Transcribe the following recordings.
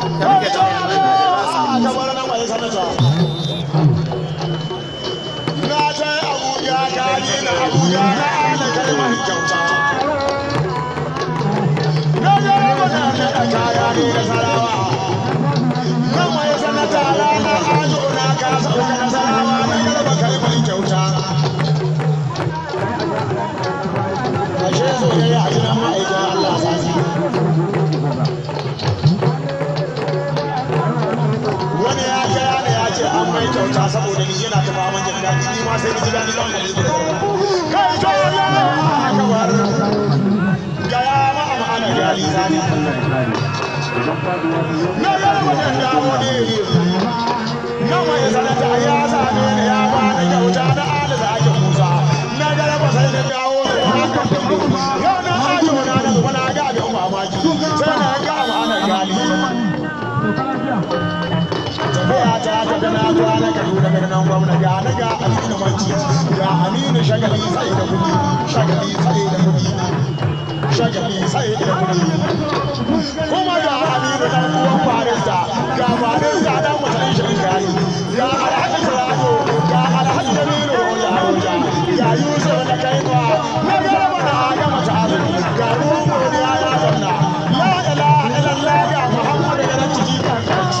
Na ta abuja kari na abuja na ana kalmar kyauta. Na ta na kaya ne da sarawa. Na mai ni ma sai ji daɗi zan kalle kai to ya akbar ga ya ma ya ma da dawo na zuwa na kaduna birnin gwamna ya na ga aminu manci ya aminu shagali sai da kudi shagali sai da kudi shagali sai da kudi kuma ga aminu dan uwan barista ga barista dan mutanen ya gari ya alhaji sulayo ya alhaji jamilu ya hujja ya yusuf da kaiwa na garba na agama ta'azu ga ruwan godiya ya zamna ya ila ila ga muhammadu ya nan ciki kan kanci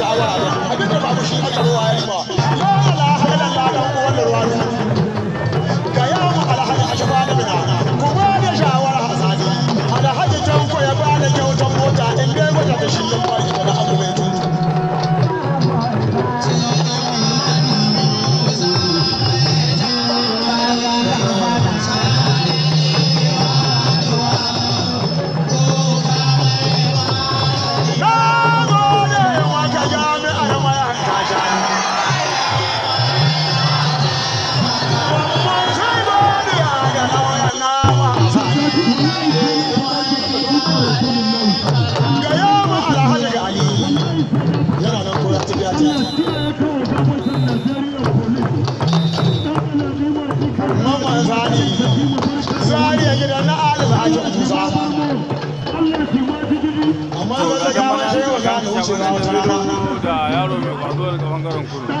sha'awar abin abin da babu shi aka zo ya yi ba gida na alil haji musa amma wanda ga wani shi wa gane wuce na wata da yaro mai kwazo daga bangaren kudu